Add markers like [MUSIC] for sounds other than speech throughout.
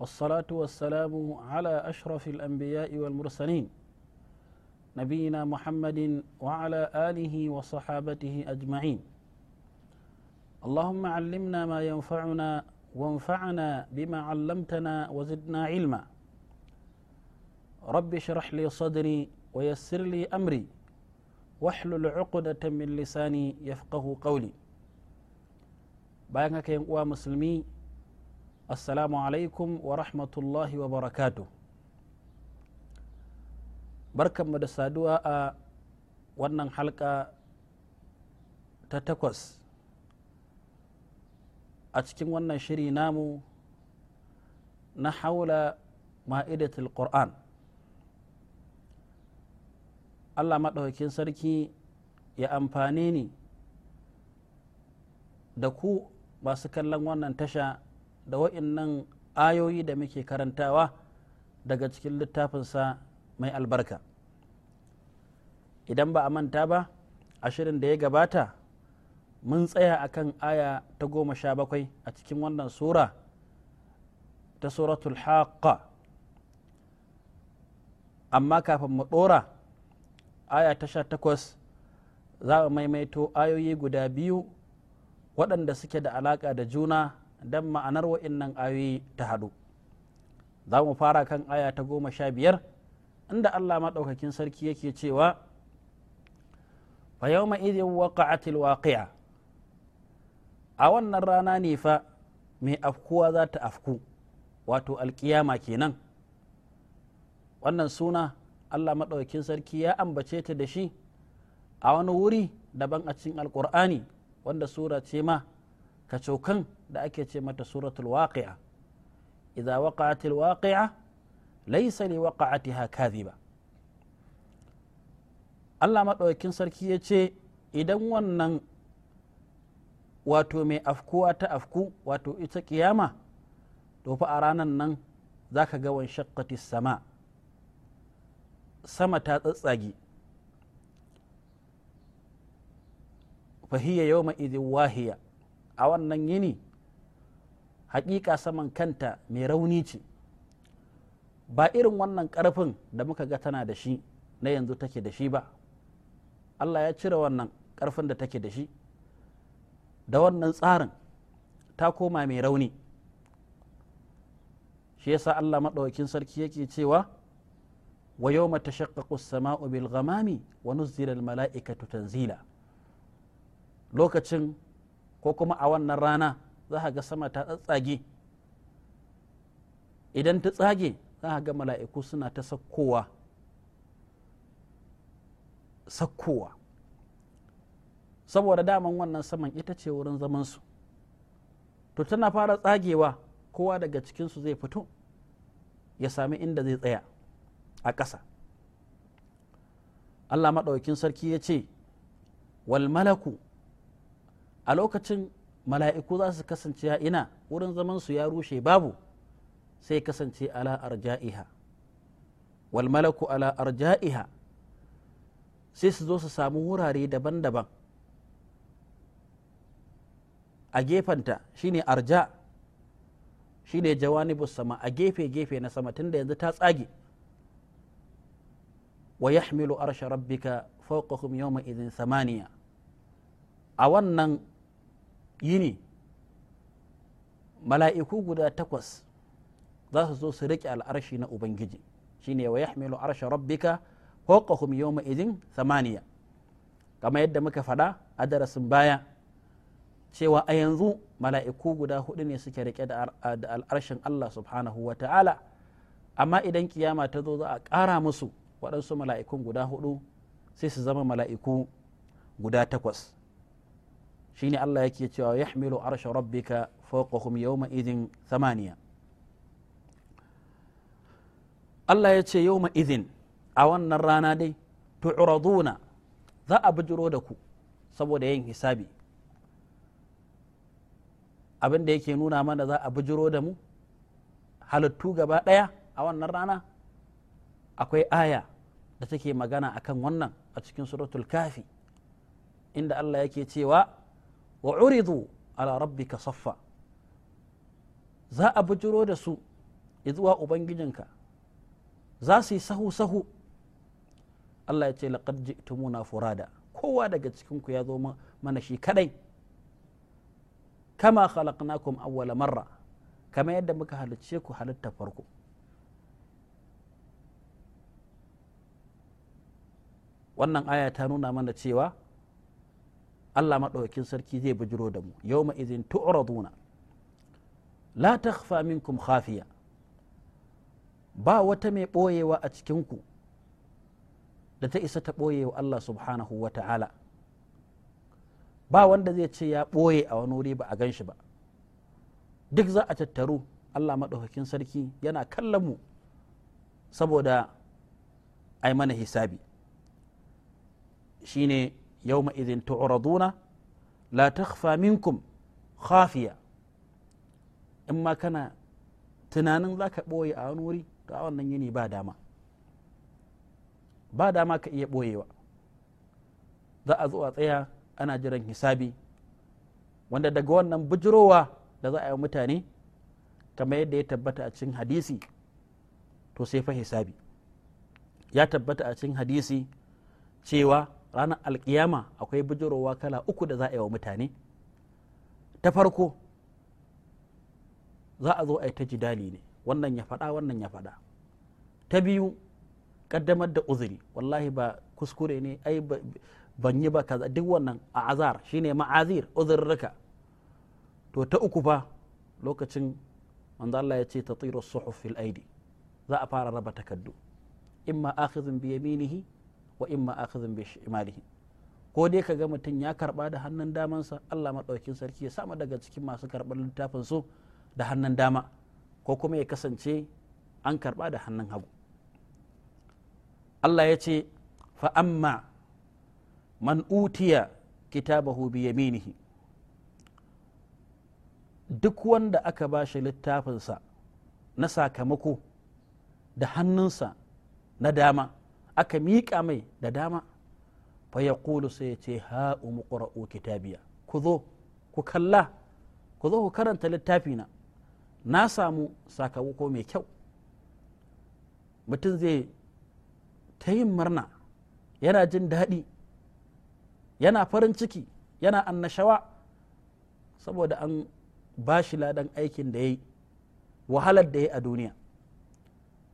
والصلاة والسلام على أشرف الأنبياء والمرسلين نبينا محمد وعلى آله وصحابته أجمعين اللهم علمنا ما ينفعنا وانفعنا بما علمتنا وزدنا علما رب اشرح لي صدري ويسر لي أمري واحلل عقدة من لساني يفقه قولي بايعك يا مسلمين assalamu alaikum wa rahmatullahi wa Barkan mu da saduwa a wannan halka ta takwas a cikin wannan shiri namu na haula ma'idatul qur'an allah maɗaukakin sarki ya amfani ni da ku masu kallon wannan tasha da wa'innan ayoyi da muke karantawa daga cikin littafinsa mai albarka idan ba a manta ba a shirin da ya gabata mun tsaya akan aya ta goma sha bakwai a cikin wannan sura ta suratul haqqa amma kafin mu ɗora aya ta sha takwas za a maimaito ayoyi guda biyu waɗanda suke da alaƙa da juna don ma'anar wa'innan ayoyi ta hadu za mu fara kan aya ta goma sha biyar inda allah maɗaukakin sarki yake cewa fa yau ma'izin waƙa'atil waƙi'a a wannan rana ne fa mai afkuwa za ta afku wato alƙiyama kenan wannan suna allah maɗaukakin sarki ya ambace ta da shi a wani wuri daban a cikin alƙur'ani wanda sura ce ma ka kacokan da ake ce mata suratul waqi'a idza waqa'atil waqi'a laysa li waqa'atiha kadhiba Allah maɗaukin sarki ya ce idan wannan wato mai afkuwa ta afku wato ita kiyama to fa a ranan nan za ka ga wanshakati sama ta tsatsage fahiyya yau idin wahiya a wannan yini haƙiƙa saman kanta mai rauni ce ba irin wannan ƙarfin da muka ga tana da shi na yanzu take da shi ba allah ya cire wannan ƙarfin da take da shi da wannan tsarin ta koma mai rauni shi yasa allah maɗaukin sarki yake cewa wa yau mata shakkaku sama'u bil ghamami wa mala'ikatu tanzila lokacin ko kuma a wannan rana za ka ga sama ta tsatsage idan ta tsage za ka ga mala'iku suna ta sakkowa sakkowa saboda daman wannan saman ita ce wurin zamansu to tana fara tsagewa kowa daga cikinsu zai fito ya sami inda zai tsaya a ƙasa allah maɗaukin sarki ya ce wal malaku a lokacin mala'iku za su kasance ya ina wurin zaman su ya rushe babu sai kasance ala arja'iha wal malaku ala arja'iha sai su zo su samu wurare daban-daban a gefenta shine arja shine jawanibus sama a gefe-gefe na sama tunda yanzu ta tsage wa yahmilu arsha rabbika fawqahum yawma idhin samaniya a wannan yini mala'iku guda takwas za su zo su riƙe al'arshi na ubangiji Shi shine wa yahmilu arsha rabbika fawqahum yawma idin samaniya kamar yadda muka faɗa a darasin baya cewa a yanzu mala'iku guda hudu ne suke riƙe da al'arshin Allah subhanahu wa ta'ala amma idan kiyama ta zo za a ƙara musu waɗansu mala'ikun guda hudu sai su zama mala'iku guda takwas shine Allah yake cewa yahmilu ka rabbika fawqahum yau ma'izin samaniya Allah ya ce yawma ma'izin a wannan rana dai tu'raduna za a bijiro da ku saboda yin hisabi abin da yake nuna mana za a bijiro da mu halittu gaba ɗaya a wannan rana akwai aya da take magana akan wannan a cikin suratul kafi inda Allah yake cewa wa uridu ala ka saffa za a bujiro da su zuwa ubangijinka za su yi sahu sahu Allah ya ce laqad ji'tumuna furada kowa daga cikin ku ya zo mana shi kadai kama khalaqnakum awwala marra kama yadda muka halicce ku halitta farko wannan aya ta nuna mana cewa Allah maɗaukakin sarki zai bujiro da mu Yau ma izin tu'raduna la takhfa minkum khafiya ba wata mai ɓoyewa a cikinku da ta isa ta ɓoyewa Allah subhanahu wa ta'ala ba wanda zai ce ya ɓoye a wani wuri ba a gan shi ba duk za a tattaru Allah maɗaukakin sarki yana kallon mu saboda ai mana hisabi shine yawma idin tu'raduna la takhfa minkum khafiya in ma kana tunanin za ka ɓoye a wani wuri to a wannan yini ba dama ba dama ka iya ɓoyewa za a zo a tsaya ana jiran hisabi wanda daga wannan bujirowa da za a yi mutane kamar yadda ya tabbata a cikin hadisi to sai fa hisabi ya tabbata a cikin hadisi cewa ranar alkiyama akwai bijirowa kala uku da za a yi wa mutane ta farko za a zo a yi ta jidali ne wannan ya faɗa wannan ya faɗa ta biyu ƙaddamar da uzuri wallahi ba kuskure ne ai ban yi ba kaza duk wannan a azar shine ma'azir uzurrika to ta uku fa lokacin manzo Allah ya ce ta tsiro suhufil aidi za a fara raba takaddu imma akhizun bi yaminihi wa imma akhadhin bi shimalihi ko dai ka ga mutum ya karba da hannun damansa Allah madaukin sarki ya sama daga cikin masu karɓar littafin su da hannun dama ko kuma ya kasance an karba da hannun hagu Allah ya ce fa amma man utiya kitabahu bi yaminihi duk wanda aka ba shi littafinsa na sakamako da hannunsa na dama aka miƙa mai da dama fa ya kulu sai ya ce ha umu ƙura'u kitabiya ku zo ku kalla ku zo ku karanta littafina na samu sakamako mai kyau mutum zai ta yin murna yana jin daɗi yana farin ciki yana annashawa saboda an ba shi ladan aikin da ya yi wahalar da ya yi a duniya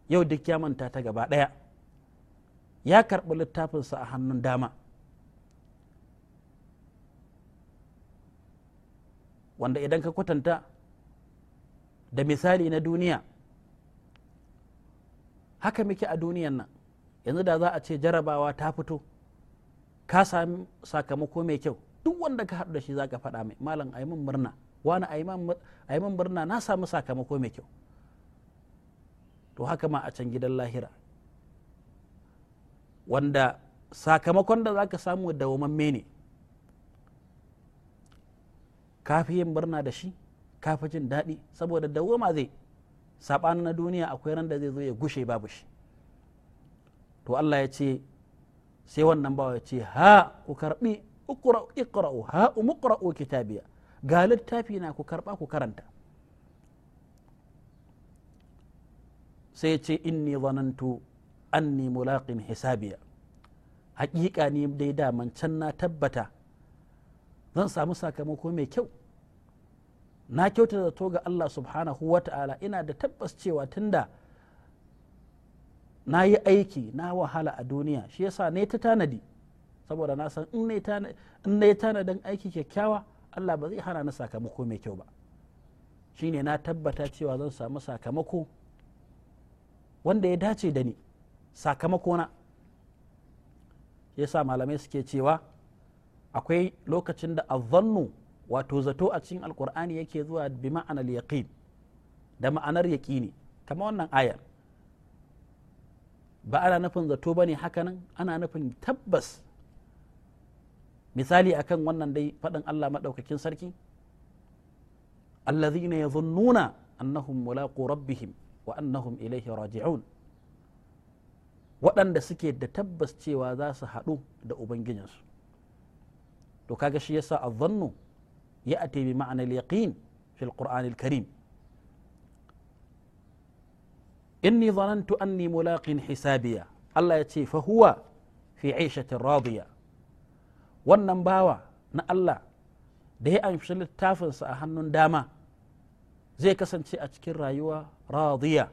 yau duk ya manta ta gaba ɗaya ya karɓi littafinsa a hannun dama wanda idan ka kwatanta da misali na duniya haka muke a duniyan nan yanzu da za a ce jarabawa ta fito ka sami sakamako mai kyau duk wanda ka haɗu da shi za ka faɗa mai malam a yi murna wani a yi murna na sami sakamako mai kyau to haka ma a can gidan lahira wanda sakamakon da za ka samu dawamamme ne kafi yin birna da shi kafi jin daɗi saboda dawama zai saɓani na duniya akwai ran da zai zo ya gushe babu shi to Allah ya ce sai wannan bawa ya ce ha ku karɓi ikra'u ha umqra'u kitabiya ga littafi na ku karɓa ku karanta sai ya ce inni zanantu anni mulaqin hisabiya haƙiƙa ni dai daman can na tabbata zan samu sakamako mai kyau na kyauta da to ga Allah subhanahu wa ta'ala ina da tabbas cewa tunda na yi aiki na wahala a duniya shi yasa ne ta tanadi saboda na san in na yi tanadin aiki kyakkyawa Allah ba zai hana na sakamako mai kyau ba shine na tabbata cewa zan samu sakamako wanda ya dace da ni sakamakona sa malamai suke cewa akwai lokacin da azannu wato zato a cikin alkur'ani yake zuwa bi ma'anar yaqin da ma'anar yaqini kamar wannan ayar ba ana nufin zato ba ne hakanan ana nufin tabbas misali akan wannan dai faɗin Allah maɗaukakin sarki allazina yazunnuna annahum mulaqu rabbihim wa annahum ilayhi raji'un waɗanda suke da tabbas cewa za su haɗu da ubangijinsu to kaga shi yasa azzannu ya ate bi ma'anar yaqin fil qur'anil karim inni zanantu anni mulaqin hisabiya Allah ya ce fa huwa fi 'ishatin radiya wannan bawa na Allah da ya amshi littafinsa a hannun dama zai kasance a cikin rayuwa radiya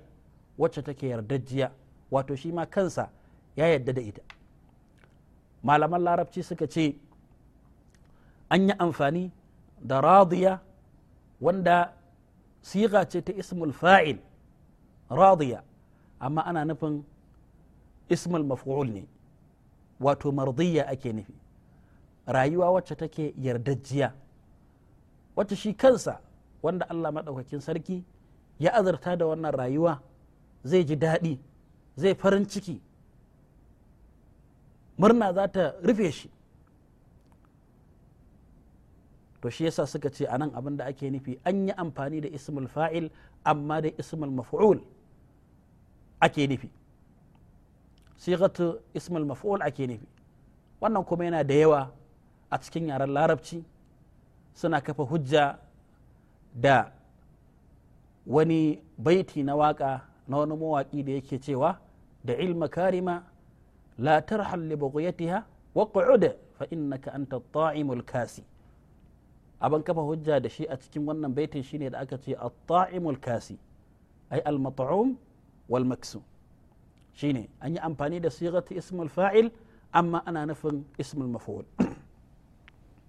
wacce take yardajjiya wato shi ma kansa ya yadda da ita malaman larabci suka ce an yi amfani da radiya wanda siga ce ta ismul fa'il radiya amma ana nufin ismul maf'ul ne wato mardiya ake nufi rayuwa wacce take jiya? wacce shi kansa wanda Allah maɗaukakin sarki ya azurta da wannan rayuwa zai ji daɗi zai farin ciki murna za ta rufe shi to shi yasa suka ce anan abin da ake nufi an yi amfani da ismul fa'il amma da ismul maf'ul ake nufi sigatu ismul maf'ul ake nufi wannan kuma yana da yawa a cikin yaren larabci suna kafa hujja da wani baiti na waka na wani mawaƙi da yake cewa دع المكارم لا ترحل لبغيتها واقعد فإنك أنت الطاعم الكاسي أبن كفا هجا دشي أتكم ونن بيت شيني دعكتي الطاعم الكاسي أي المطعوم والمكسو شيني أني أمباني صيغة اسم الفاعل أما أنا نفن اسم المفعول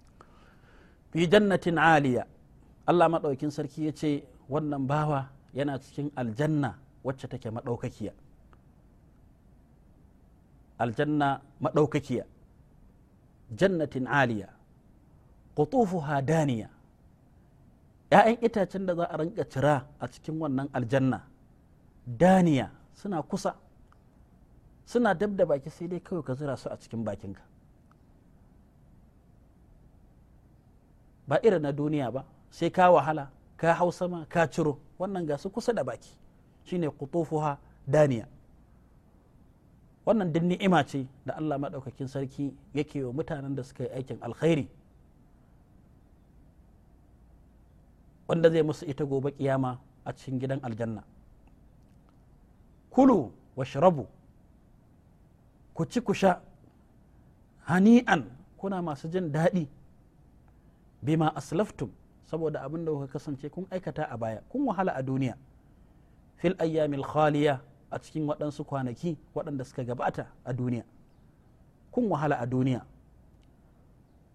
[COUGHS] في جنة عالية الله ما لو يكن سركية ونن باوا ينا الجنة وچتك ما لو aljanna madaukakiya jannatin aliya qutufuha daniya ‘ya'yan itacen da za a rinka cira a cikin wannan aljanna daniya suna kusa suna dab da baki sai dai kawai ka zira su a cikin bakinka ba irin na duniya ba sai ka wahala ka hau sama ka ciro wannan ga su kusa da baki shine qutufuha daniya wannan duk ni'ima ce da Allah maɗaukakin sarki yake wa mutanen da suka yi aikin alkhairi wanda zai musu ita gobe kiyama a cikin gidan aljanna kulu wa sharabu ku ci ku sha hani'an kuna masu jin daɗi bima aslaftum saboda abin da kuka kasance kun aikata a baya kun wahala a duniya fil ayyamil khaliya a cikin waɗansu kwanaki waɗanda suka gabata a duniya kun wahala a duniya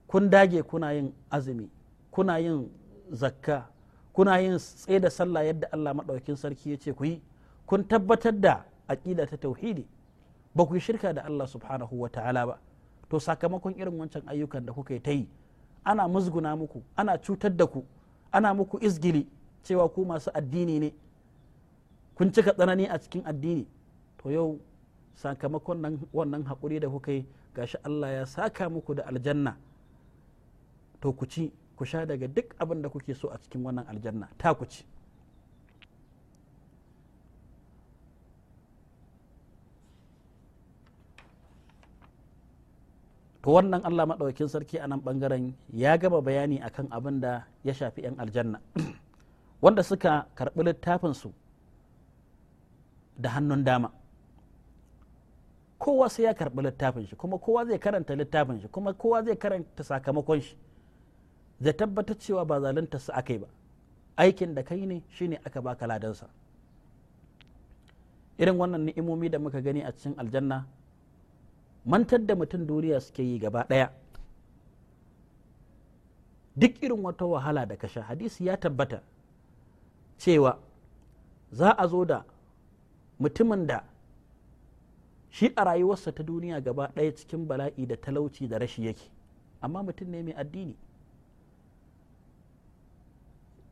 kun dage kuna yin azumi kuna yin zakka kuna yin tsaye da sallah yadda Allah maɗaukin sarki ya ce ku yi kun tabbatar da aƙida ta tauhidi ba ku yi shirka da Allah subhanahu wa ta'ala ba to sakamakon irin wancan ayyukan da kuka yi ta yi ana musguna muku ana cutar da ku ana muku izgili cewa ku masu addini ne kun cika tsanani a cikin addini to yau sakamakon wannan haƙuri da kuka yi gashi Allah ya saka muku da aljanna to ku ci ku sha daga duk abin da kuke so a cikin wannan aljanna ta ku ci to wannan Allah maɗaukin sarki a nan ɓangaren ya gama bayani akan abin da ya shafi 'yan aljanna [CLEARS THROAT] wanda suka karɓi littafinsu da hannun dama kowa sai ya karɓi littafin shi kuma kowa zai karanta littafin shi kuma kowa zai karanta sakamakon shi zai tabbatar cewa ba zalunta su aka yi ba aikin da kai ne shine aka baka ladansa irin wannan ni'imomi da muka gani a cikin aljanna mantar da mutum duniya suke yi gaba ɗaya duk irin wata wahala da kasha hadisi ya tabbata cewa za a zo da mutumin da shi a rayuwarsa ta duniya gaba ɗaya cikin bala'i da talauci da rashi yake amma mutum ne mai addini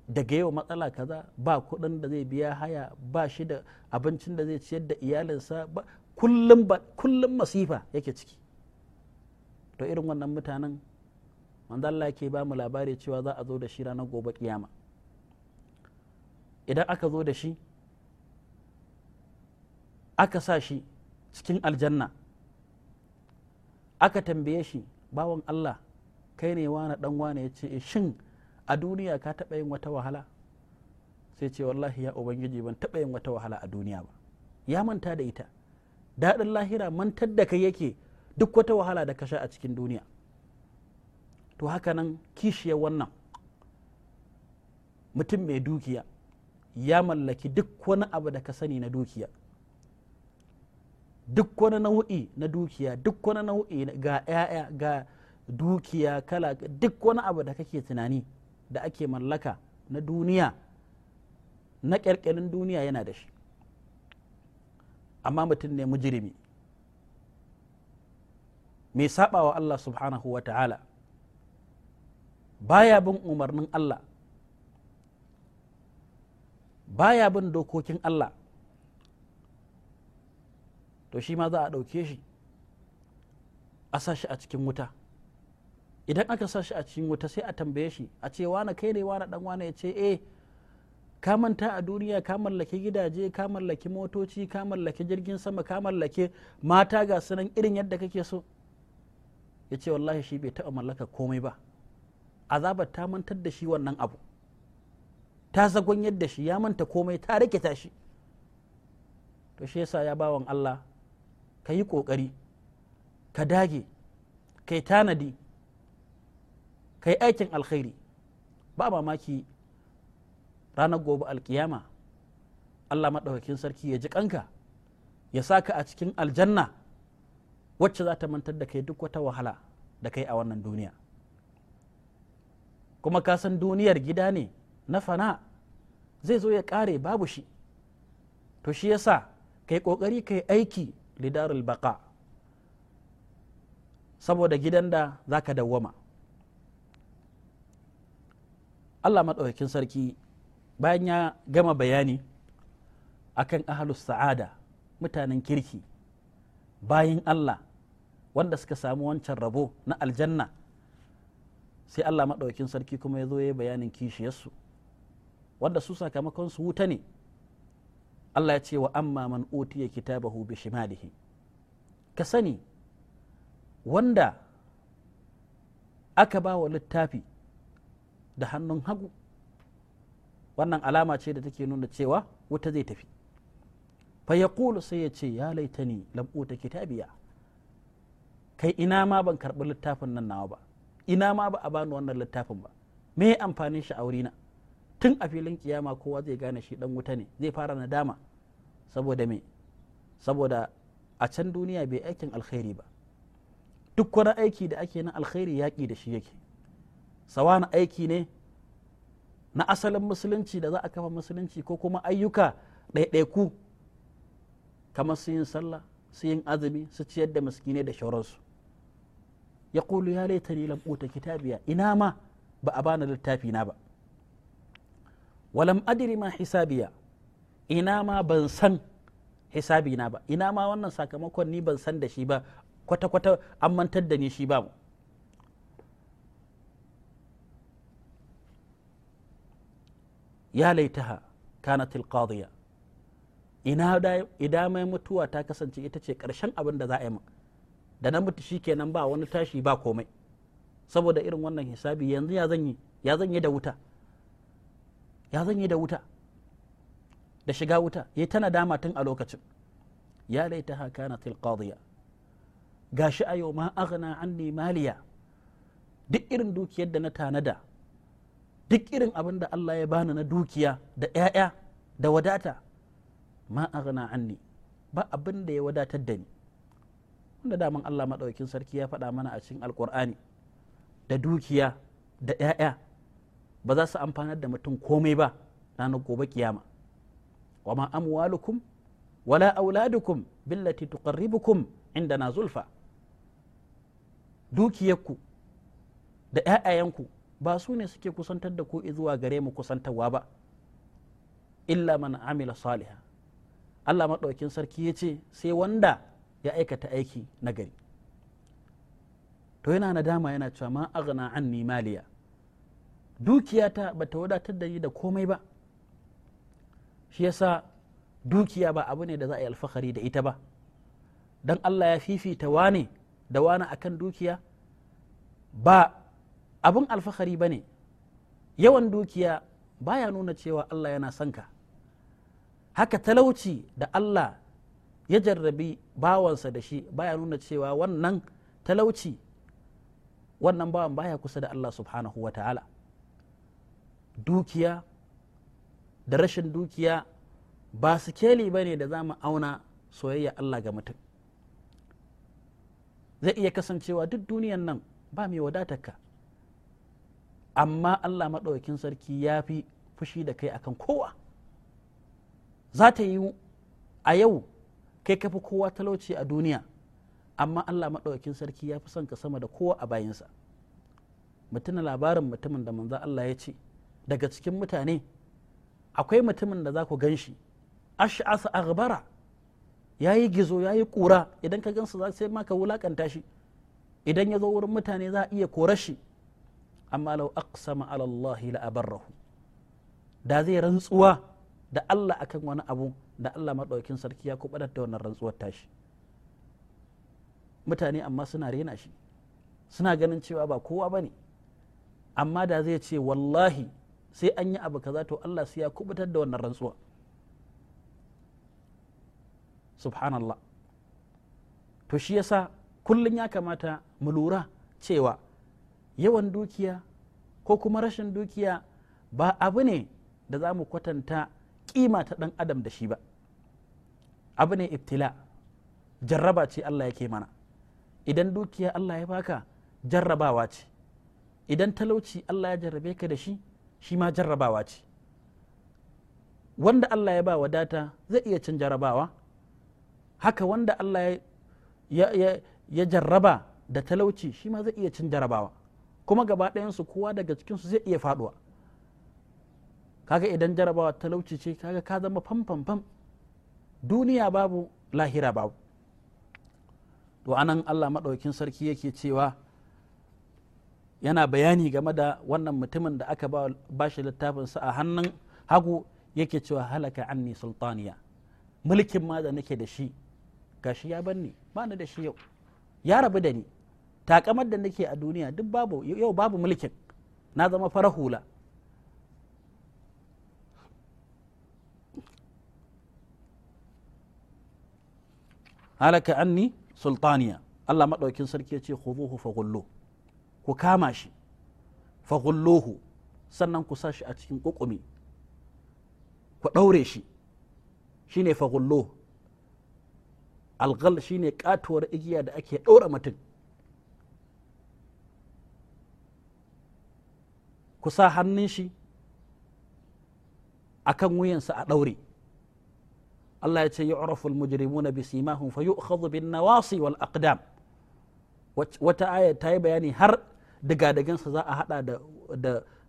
daga yau matsala kaza ba kuɗin da zai biya haya ba shi da abincin da zai ciyar da iyalinsa ba kullum masifa yake ciki to irin wannan mutanen wanda Allah ke ba mu labari cewa za a zo da shi ranar gobe kiyama idan aka zo da shi aka sa shi cikin aljanna aka tambaye shi bawan Allah kai ne wani dan wani ya ce eh, shin a duniya ka taɓa yin wata wahala sai ce wallahi ya ubangiji ban taɓa yin wata wahala a duniya ba ya manta da ita daɗin lahira mantar da kai yake duk wata wahala da ka sha a cikin duniya to haka nan kishiyar wannan mutum mai dukiya ya mallaki duk wani abu da ka sani na dukiya duk wani nau'i na dukiya duk wani nau'i ga 'ya'ya ga dukiya kala duk wani abu da kake tunani da ake mallaka na duniya na ƙyarƙyarin duniya yana da shi amma mutum ne mujirimi mai saba wa Allah subhanahu wa ta'ala baya bin umarnin Allah baya bin dokokin Allah to shi ma za a ɗauke shi a sa shi a cikin wuta idan aka sashi a cikin wuta sai a tambaye shi a ce wane kai ne wane dan wane ya ce eh ka manta a duniya ka mallaki gidaje ka mallaki motoci ka mallaki jirgin sama ka mallaki mata ga sunan irin yadda kake so ya ce wallahi shi bai taɓa mallaka komai ba azabar ta mantar da shi wannan abu ta zagon yadda shi ya manta komai ta rike tashi to shi yasa ya bawan Allah ka yi ƙoƙari ka dage ka yi tanadi ka yi aikin alkhairi ba mamaki ranar gobe alkiyama Allah maɗaukakin sarki ya ji kanka ya sa ka a cikin aljanna wacce za ta mantar da kai duk wata wahala da kai a wannan duniya kuma ka san duniyar gida ne na fana zai zo ya ƙare babu shi to shi yasa ka yi ƙoƙari ka aiki lidarul baqa saboda gidan da za ka dawwama allah maɗaukakin sarki bayan ya gama bayani akan ahalus sa'ada mutanen kirki bayan allah wanda suka samu wancan rabo na aljanna sai allah maɗaukin sarki kuma ya zo ya yi bayanin kishiyarsu wanda su sakamakonsu wuta ne Allah ya ce wa amma man utiya kitabahu bi shimalihi ka sani wanda aka ba wa littafi da hannun hagu wannan alama ce da take nuna cewa wuta zai tafi fa yaqulu sai ya ce ya laitani lam kitabiya kai ina ma ban karɓi littafin nan nawa ba ina ma ba a bani wannan littafin ba me amfanin shi a wurina na tun a filin kiyama kowa zai gane shi dan wuta ne zai fara nadama saboda me saboda a can duniya bai aikin alkhairi ba duk wani aiki da ake na alkhairi yaƙi da shi yake sawa na aiki ne na asalin musulunci da za a kafa musulunci ko kuma ayyuka ɗaiɗaiku kamar su yin sallah su yin azumi su ciyar da miskinai da shauransu ya ƙulu ya laita ta lamɓuta kitabiya ina ma ba a bani littafi na ba ولم أدري ما حسابي إنا ما بنسن حسابي نابا إنا ما وانا ساكا ما كون نيبن سن دا شيبا كوتا كوتا أمان تدني شيبا يا ليتها كانت القاضية إنا دا إدامة متوى تاكسن چي إتاچي كرشن أبن دا زائم دا نمت شيكي نمبا وانا تاشي با كومي سبو دا إرن وانا حسابي ينزي يا زني يا زني دا وطا ya zan yi da wuta da shiga wuta ya tana dama tun a lokacin ya laita haka na tilqadiya gashi a yau ma aghna anni maliya duk irin dukiyar da na tanada duk irin abin da Allah ya bani na dukiya da 'ya'ya da wadata ma aghna anni ba abin da ya wadatar da ni wanda daman Allah maɗaukin sarki ya faɗa mana a cikin alkur'ani da dukiya da 'ya'ya ba za su amfanar da mutum komai ba ranar gobe kiyama wa ma amwalukum wala auladukum billati tuqarribukum na zulfa dukiyarku da 'ya'yayanku ba su ne suke kusantar da ku zuwa gare mu kusantarwa ba illa man amila saliha Allah maɗaukin sarki ya ce sai wanda ya aikata aiki nagari to yana nadama yana cewa ma aghna anni maliya dukiyata ba ta wadatar da ni da komai ba shi yasa dukiya ba abu ne da za a yi alfahari da ita ba don Allah ya fifita wane da wane akan dukiya ba abin alfahari ba ne yawan dukiya baya nuna cewa Allah yana son ka haka talauci da Allah ya jarrabi bawansa da shi baya nuna cewa wannan talauci wannan bawan baya kusa da Allah subhanahu wa ta'ala dukiya da rashin dukiya ba su keli ba ne da za mu auna soyayya Allah ga mutum zai iya kasancewa duk duniyan nan ba mai wadatarka amma Allah maɗaukin sarki ya fi fushi da kai akan kowa za ta yi a yau kai kafi kowa talauci a duniya amma Allah maɗaukin sarki ya fi son ka sama da kowa a bayansa mutum labarin mutumin da manzo Allah ya ce daga cikin mutane akwai mutumin da za ku gan shi ash'asa aghbara ya yi gizo ya yi ƙura idan ka gansu za sai maka wulakanta shi idan ya zo wurin mutane za a iya korar shi amma lau aqsama ala Allah la abarrahu da zai rantsuwa da Allah akan wani abu da Allah madaukin sarki ya kubatar da wannan rantsuwar tashi mutane amma suna rena shi suna ganin cewa ba kowa bane amma da zai ce wallahi sai an yi abu kaza to Allah sai ya kubutar da wannan rantsuwa subhanallah to shi yasa kullum ya kamata mu lura cewa yawan dukiya ko kuma rashin dukiya ba abu ne da za mu kwatanta kima ta ɗan adam da shi ba abu ne ibtila jarraba ce Allah yake mana idan dukiya Allah ya baka jarrabawa ce idan talauci Allah ya jarrabe ka da shi shi ma jarrabawa ce wanda Allah ya ba wadata zai iya cin jarrabawa haka wanda Allah ya jarraba da talauci shi ma zai iya cin jarrabawa kuma gaba ɗayansu kowa daga cikinsu zai iya faɗuwa kaga idan jarrabawa talauci ce kaga ka zama fam-fam-fam duniya babu lahira babu to anan Allah maɗaukin sarki yake cewa yana bayani game da wannan mutumin da aka ba shi sa a hannun hagu yake cewa halaka anni sultaniya mulkin ma da nake da shi gashi ya banni ba ni da shi yau ya rabu da ni takamar da nake a duniya duk babu yau babu mulkin na zama fara hula halaka anni sultaniya Allah maɗaukin sarki ya ce khudhuhu fa ku kama shi fagullohu sannan ku sa shi a cikin ƙuƙumi ku ɗaure shi shi ne fagullo algal shi ne ƙatuwar igiya da ake ɗaura mutum ku sa hannun shi a kan wuyansa a ɗaure Allah ya ce yi uraful mujrimuna bi simahum fa yu'khadhu bin wal aqdam wata aya ta yi bayani har digadigansa za a hada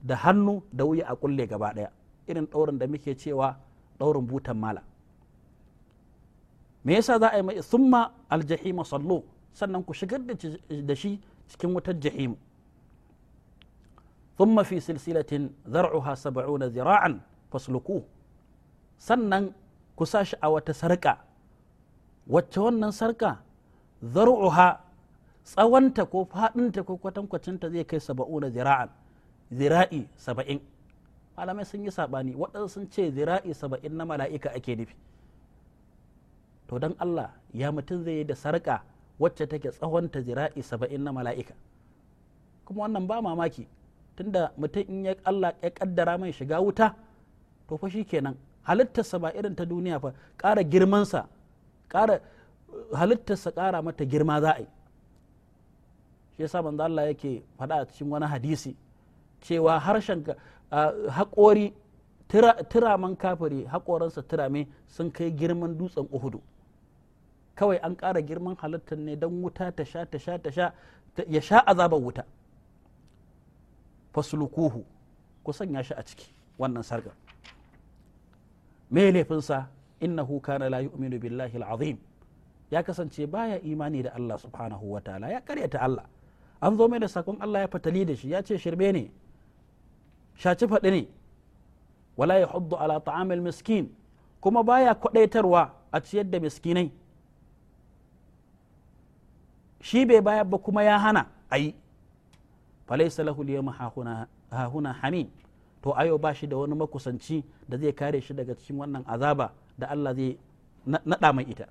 da, hannu da wuya a kulle gaba daya irin daurin da muke cewa daurin butan mala me yasa za a yi mai summa aljahima sallu sannan ku shigar da shi cikin wutar jahimu thumma silsilatin silsilatin zar'uha سبعون zira'an fasluku. sannan ku sa shi a wata sarƙa wacce wannan sarka zar'uha tsawonta ko faɗinta ko kwatankwacinta zai kai saba'u da zira'an zira'i saba'in malamai sun yi saɓani waɗansu sun ce zira'i saba'in na mala'ika ake nufi to don allah ya mutum zai yi da sarƙa wacce take tsawonta zira'i saba'in na mala'ika kuma wannan ba mamaki tunda mutum in ya allah ya kaddara mai shiga wuta to fa kenan halittarsa ba irin ta duniya fa ƙara girmansa ƙara halittarsa ƙara mata girma za a yi ya sa manzo Allah yake faɗa a cikin wani hadisi cewa harshen haƙori turaman kafiri haƙoransa turame sun kai girman dutsen uhudu kawai an ƙara girman halittar ne don wuta ta sha ta sha ta sha ya sha azabar wuta fasulukuhu ku sanya shi a ciki wannan sargar Mai laifinsa innahu kana la yu'minu billahi al-azim ya kasance baya imani da Allah subhanahu wa ta'ala ya karyata Allah an zo mai da sakon Allah ya fatali da shi ya ce shirbe ne shaci faɗi ne wala ya hudu ala ta'amil miskin kuma baya kwaɗaitarwa a ciyar da miskinai shi bai bayar ba kuma ya hana a yi falai lahu liyama hahuna hamim to ayo ba shi da wani makusanci da zai kare shi daga cikin wannan azaba da Allah zai naɗa mai ita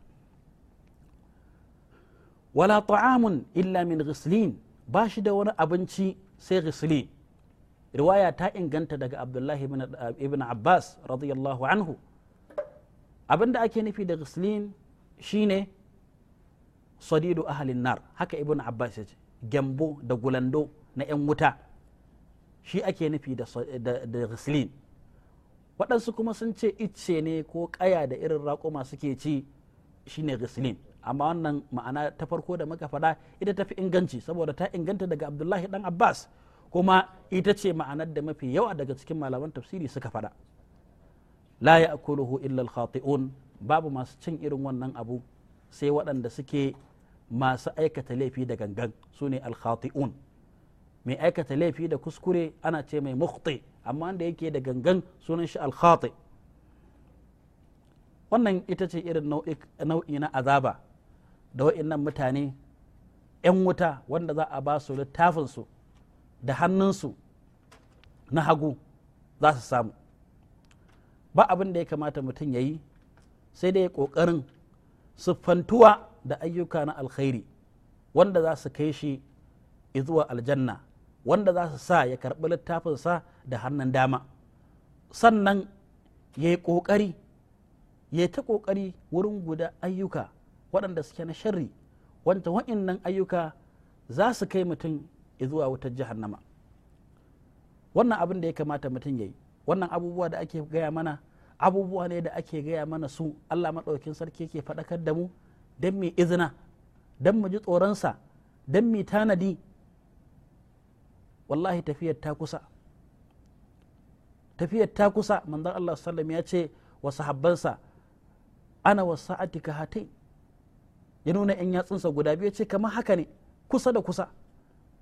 wala ta'amun illa min ghislin ba shi da wani abinci sai ghisli riwaya ta inganta daga abdullahi eh, ibn abbas radiyallahu anhu abinda ake nufi da ghislin shine sadidu ahalin nar haka ibn abbas ya ce gyambo da gulando na 'yan wuta shi ake nufi da ghislin waɗansu kuma sun ce icce ne ko ƙaya da irin raƙuma suke ci shine ghislin amma wannan ma'ana ta farko da muka faɗa ita tafi inganci saboda ta inganta daga abdullahi dan abbas kuma ita ce ma'anar da mafi yawa daga cikin malaman tafsiri suka faɗa la ya akuluhu illa al babu masu cin irin wannan abu sai waɗanda suke masu aikata laifi da gangan su ne al-khati'un mai aikata laifi da kuskure ana ce mai mukhti amma wanda yake da gangan sunan shi alkhati. wannan ita ce irin nau'i na azaba da wa'innan mutane 'yan wuta wanda za a ba su littafinsu da hannunsu na hagu za su samu ba abin da ya kamata mutum ya yi sai dai ƙoƙarin siffantuwa da ayyuka na alkhairi wanda za su kai shi izuwa aljanna wanda za su sa ya karɓi littafinsa da hannun dama sannan ya yi ƙoƙari ya ta ƙoƙari wurin guda ayyuka waɗanda suke na sharri wanda wa'innan ayyuka za su kai mutum zuwa wutar jahannama wannan abin da ya kamata mutum ya yi wannan abubuwa da ake gaya mana abubuwa ne da ake gaya mana su allah maɗaukin sarki yake faɗakar da mu don mai izina don mu ji tsoronsa don mai tanadi wallahi tafiyar ta kusa tafiyar ta kusa manzon allah sallam ya ce wa sahabbansa ana wasa'atika hatai ya nuna yan yatsunsa guda biyu ce kamar haka ne kusa da kusa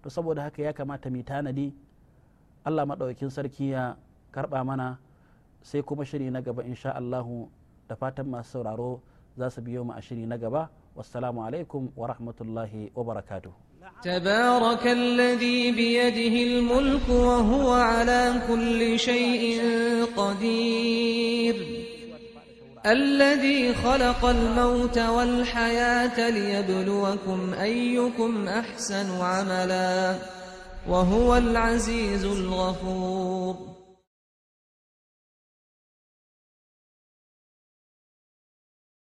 to saboda haka ya kamata mai tanadi Allah maɗaukin sarki ya karɓa mana sai kuma shiri na gaba insha Allahu da fatan masu sauraro za su biyo mu a shiri na gaba wassalamu alaikum wa rahmatullahi wa barakatuh تبارك الذي بيده الملك وهو على كل شيء قدير الذي خلق الموت والحياة ليبلوكم أيكم أحسن عملا وهو العزيز الغفور